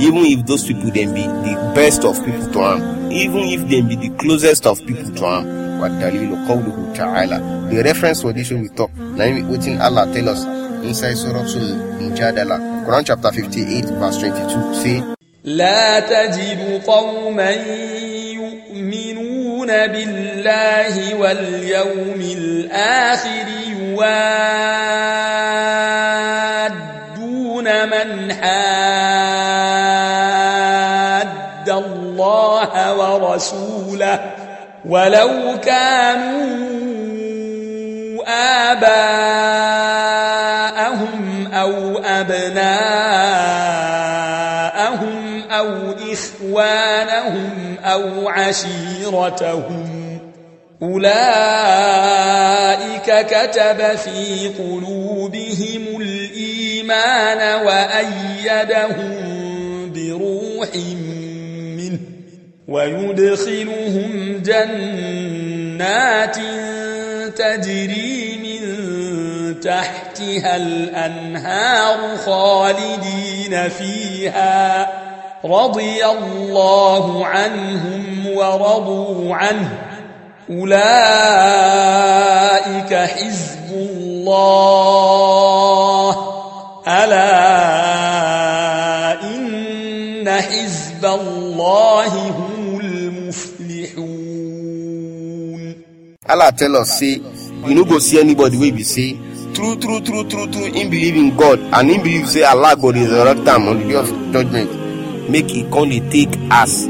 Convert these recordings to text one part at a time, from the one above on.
even if those people then be the best of people to him, even if dem be the closest of people to him, the reference for this we talk na im wetin allah tell us inside suratul mujadala quran chapter fifty-eight verse twenty-two say. لا تجد قوما يؤمنون بالله واليوم الآخر يوان ورسوله ولو كانوا آباءهم أو أبناءهم أو إخوانهم أو عشيرتهم أولئك كتب في قلوبهم الإيمان وأيدهم بروح ويدخلهم جنات تجري من تحتها الأنهار خالدين فيها رضي الله عنهم ورضوا عنه أولئك حزب الله ألا إن حزب الله هو Allah tell us say you no go see anybody wey be say true true true true true him believe in God and him believe say Allah go resurrect am on the day of judgment make he come dey take as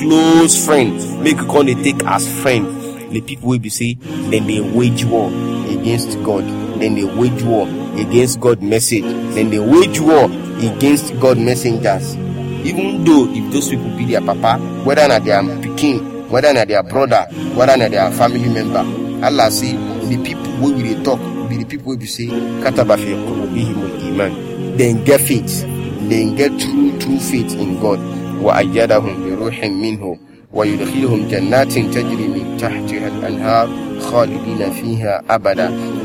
close friend make he come dey take as friend the people wey be say dem dey wage war against God dem dey wage war against God message dem dey wage war against God messengers even though if those people be their papa whether na their pikin whether na their brother whether na their family member allah say the people wey we dey talk be the people will be say kataba fi qulubihim iman Then get faith Then get true true faith in god وَأَيَّدَهُمْ بِرُوحٍ مِنْهُ ruhin جَنَّاتٍ wa yudkhiluhum jannatin tajri min tahtiha al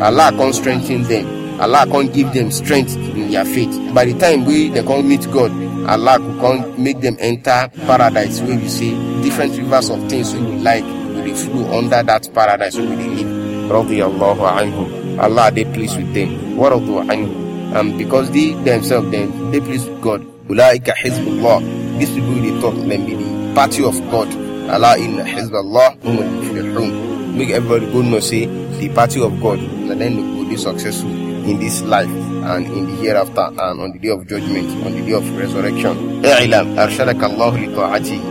allah can strengthen them allah can't give them strength in their faith by the time we they can meet god allah can make them enter paradise where we see different rivers of things we would like will flow under that paradise we they live radiyallahu anhum allah they pleased with them waradu anhum and because they themselves then they pleased with god ulaika hizbullah This people they talk them be the party of god allah in hizballah make everybody go know say the party of God, and then will be successful in this life and in the hereafter and on the day of judgment, on the day of resurrection.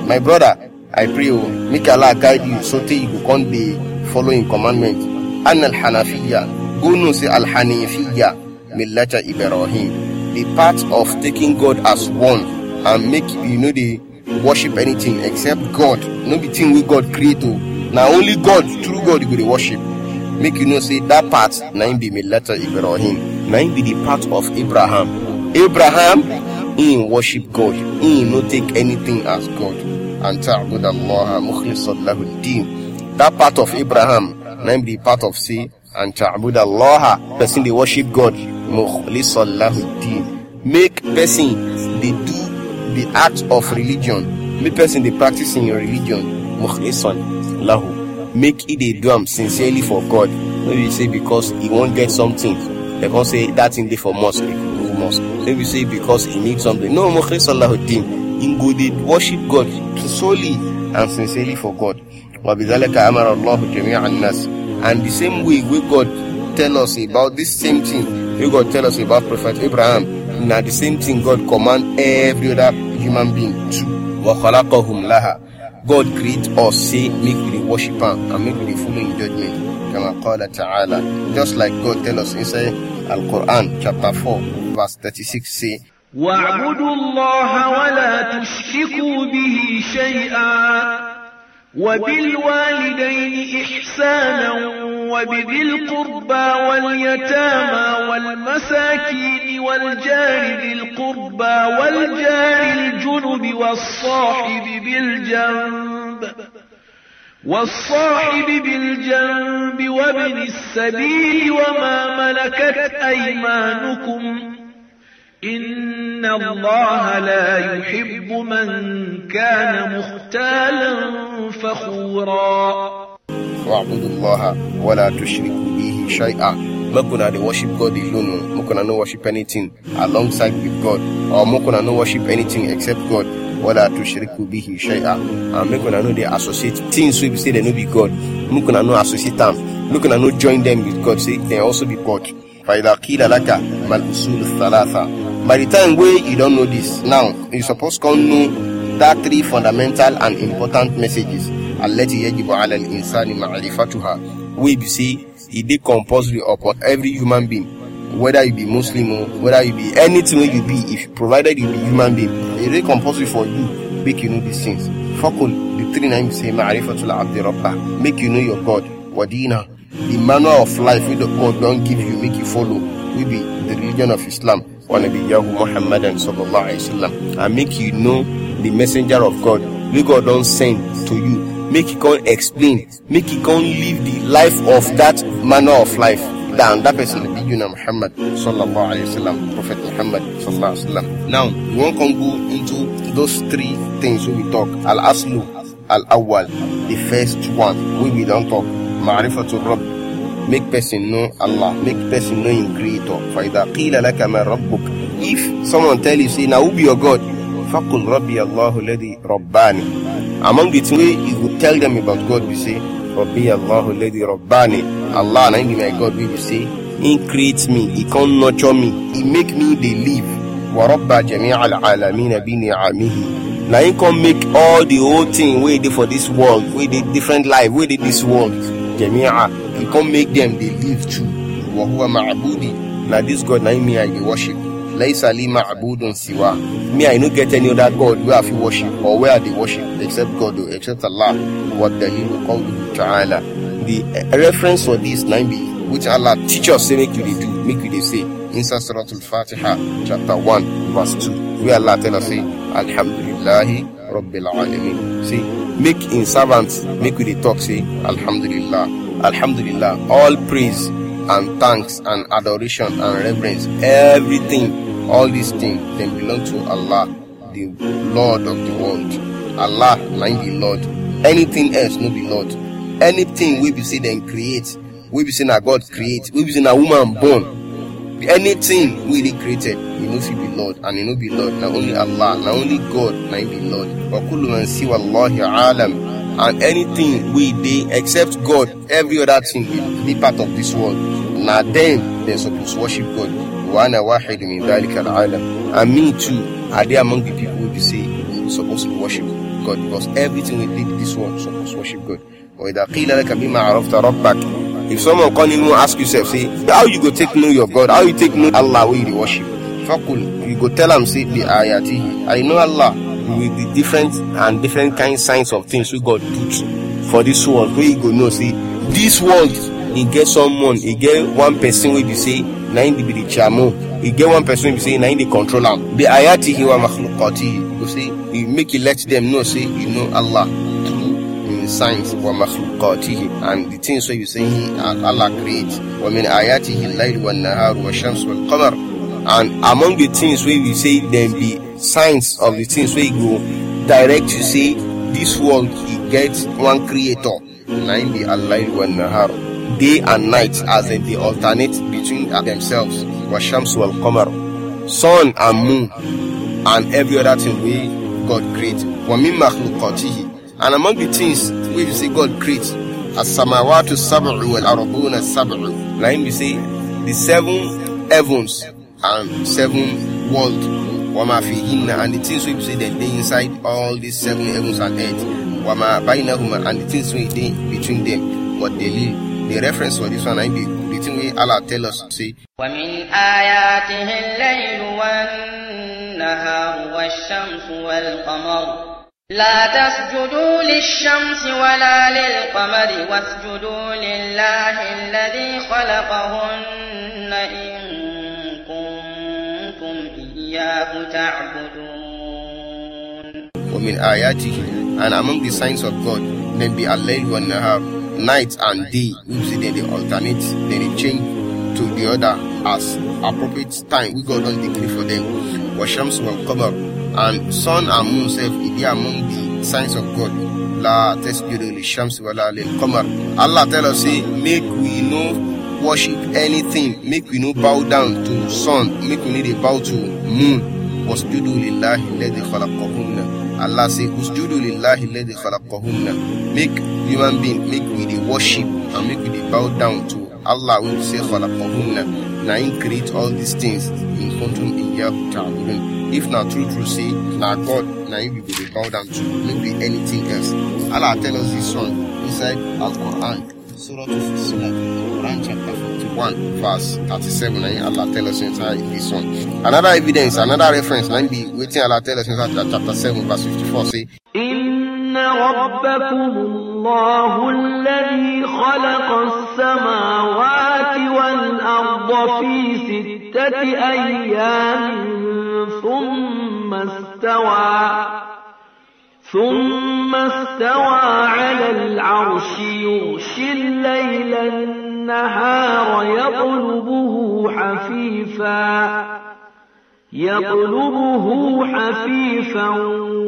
My brother, I pray, oh, make Allah guide you so that you can be following commandment. go The part of taking God as one and make you know the worship anything except God. No be thing we God create. Oh. Now only God, true God, you worship make you know say that part na be my letter ibrahim na be the part of abraham abraham in worship god He no take anything as god and ta'bud allah mukhlishan lahu din that part of abraham na be the part of say and ta'bud allah person they worship god mukhlishan lahu din make person they do the act of religion make person they practice in your religion mukhlishan lahu make it a drum sincerely for God. Maybe say because he won't get something. They can't say that thing they for mosque, mosque. Maybe say because he needs something. No, Mokhe Salahuddin, he go did worship God solely and sincerely for God. And the same way we God tell us about this same thing, we God tell us about Prophet Abraham. Now the same thing God command every other human being to. وَخَلَقَهُمْ لَهَا God create us, say, make we worship Him and make we follow in judgment. كما قال تعالى Just like God tell us inside Al-Quran chapter 4 verse 36 say واعبدوا الله ولا تشركوا به شيئا وبالوالدين إحسانا وبذي القربى واليتامى والمساكين والجار ذي القربى والجار الجنب والصاحب بالجنب والصاحب بالجنب وابن السبيل وما ملكت أيمانكم إن الله لا يحب من كان مختالا فخورا wa'budu allaha wa la tushriku bihi shay'a make una worship God alone make una no worship anything alongside with God or make no worship anything except God whether to shiriku be his shay'a and make no dey associate things with say they no be God make no associate them. make una no join them with God say they also be God فإذا قيل kila ما الأصول thalatha. by the time way you don't know this now you suppose come know that three fundamental and important messages التي يجب على الإنسان معرفتها we be say e dey compulsory upon every human being whether you be muslim or whether you be anything you be if provided you be human being it is compulsory for you make you know these things fokol the three na say ma'arifatul abdi rabba make you know your god wadina the manual of life with the god don't give you make you follow We be the religion of islam wanabiyahu and sallallahu alaihi wasallam and make you know the messenger of god We god don't send to you make he come explain make he come live the life of that manner of life down that person you know muhammad sallallahu alaihi wasallam prophet muhammad sallallahu alaihi wasallam now we won't go into those three things we talk al aslu al awal the first one we will don't talk ma'rifatul rabb make person know Allah, make person know him creator. فَإِذَا قِيلَ لَكَ مَا رَبُّكَ If someone tell you, say, now who be your God? فَقُلْ رَبِّيَ اللَّهُ الَّذِي رَبَّانِي among the things you would tell them about God, you say, Rabbi Allahu Lady Rabbani, Allah, and I my God, We say, He creates me, He can nurture me, He make me they live. وَرَبَّ جَمِيعَ الْعَالَمِينَ بِنِعَمِهِ Now He can make all the whole thing We did for this world, We did different life, We did this world. جَمِيعَ He can make them they live too. وَهُوَ مَعْبُودِ Now this God, now me I worship. Laisa li ma'budun siwa. Me, I no get any other God where I feel worship or where they worship except God, oh, except Allah. What the come to ta'ala. The reference for this 9b, which Allah teach us, say, make you they do, make you they say. Insa Suratul Fatiha, chapter 1, verse 2. Where Allah tell us, say, Alhamdulillahi Rabbil alamin. See, make in servants, make we the talk, say, Alhamdulillah. Alhamdulillah. All praise and thanks and adoration and reverence, everything, all these things, they belong to Allah, the Lord of the world. Allah, like the Lord. Anything else, no be Lord. Anything we be seen then create, we be seen that God create, we be seen a woman born. Anything we really created, you know, be Lord, and you know, be Lord. Not only Allah, not only God, not the Lord. وكل من سوى الله عالم and anything we do except god every other thing we be part of this world na dem supposed suppose worship god wa ana wahid min dhalika alalam and me too Are they among the people who be say suppose to worship god because everything we in this world suppose worship god if someone can even ask yourself say how you go take know your god how you take know allah we you worship fakul you go tell am say bi i know allah with the different and different kind signs of things wey god put for this world wey you go know say this world e get someone e get one person wey be say na him be the chairman e get one person wey be say na him dey control am bi ayatihi wa makhlukatihi go say e make you let them know say you know allah through him signs wa makhlukatihi and the things wey you say he allah create wa min ayatihi al-layl wa an-nahar wa shams wal qamar and among the things wey be say dem be signs of the things we go direct you say this world he gets one creator nine the be one nahar day and night as in the alternate between themselves wa shams wal qamar sun and moon and every other thing we god create wa min makhluqatihi and among the things we see, say god create as samawatu as-sab'u wal arduna as-sab'u na say the seven heavens and seven world wama fihinna and the things which say that they inside all these seven heavens and earth wama bainahuma and the things which they between them what they live the reference for this one I be the thing we Allah tell us say ومن آياته الليل والنهار والشمس والقمر لا تسجدوا للشمس ولا للقمر واسجدوا لله الذي خلقهن إن I mean, ومن آياته and among the signs of God then be they have night and day usually then they alternate then they change to the other as appropriate time we God on decree for them come up and sun and moon self they be among the signs of God. La tesbiru lishams wala come qamar. Allah tell us say make we know worship anything, make we know bow down to sun, make we no bow to moon wasjudu lillahi alladhi khalaqahunna Allah say usjudu lillahi alladhi khalaqahunna make human being make we the worship and make we the bow down to Allah wey say khalaqahunna na him create all these things in kuntum iyyahu ta'budun if na true true say na God na him we go the bow down to no be anything else Allah tell us this one inside Al-Quran Surah Al-Fusilat Quran chapter 14 1 verse 37 and Allah tell us inside this one. Another evidence, another reference, and be waiting Allah tell us inside chapter 7 verse 54 say إن ربكم الله الذي خلق السماوات والأرض في ستة أيام ثم استوى ثم استوى على العرش يغشي الليل النهار يطلبه حفيفا يطلبه حفيفا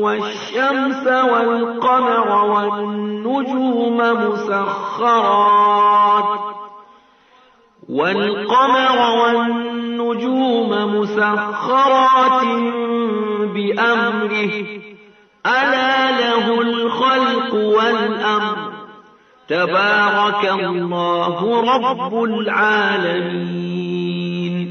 والشمس والقمر والنجوم مسخرات والقمر والنجوم مسخرات بأمره ألا له الخلق والأمر تبارك الله رب العالمين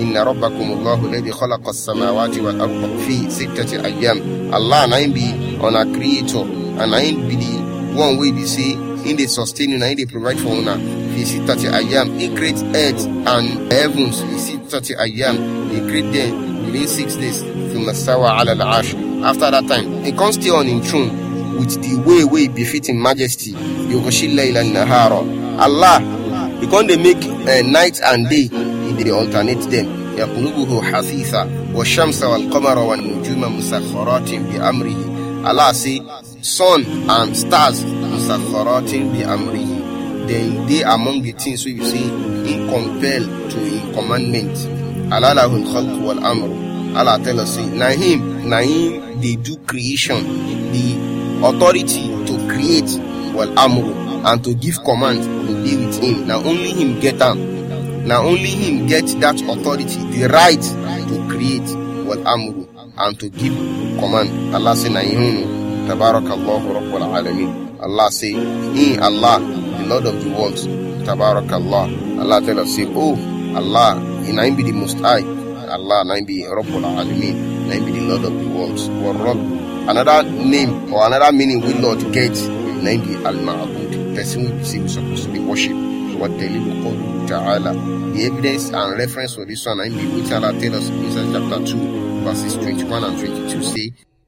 إن ربكم الله الذي خلق السماوات والأرض في ستة أيام Allah na him be on our creator and na him be the one wey be say him dey sustain una him dey provide for una fi sittati ayam he create earth and heavens fi sittati ayam he create them within six days thumma stawa ala al-arsh after that time he come stay on him throne with the way way befitting majesty yogoshila ila nahara allah because come dey make uh, night and day they dey alternate Ya yaqulubuhu hasisa wa shamsa wal qamara wa nujuma musakharatin bi amrihi allah say sun and stars musakharatin bi amrihi They dey among the things wey be say he compel to him commandment allah lahu al-khalq wal amru allah tell us say na him na him dey do creation the authority to create wal amru and to give command will be with him Now only him get am Now only him get that authority the right to create wal amru and to give command allah say na him no tabarakallahu rabbul alamin allah say he allah the lord of the worlds tabarakallah allah tell us say oh allah he na him be the most high Allah, nine be Rabbul Alameen, nine be the Lord of the worlds. Or Rabb, another name or another meaning we Lord get, name be Al Ma'bud, person we see we supposed to be worshipped. What the little Ta'ala. The evidence and reference for this one, I mean, which Allah tell us in Isaiah chapter 2, verses 21 and 22 say,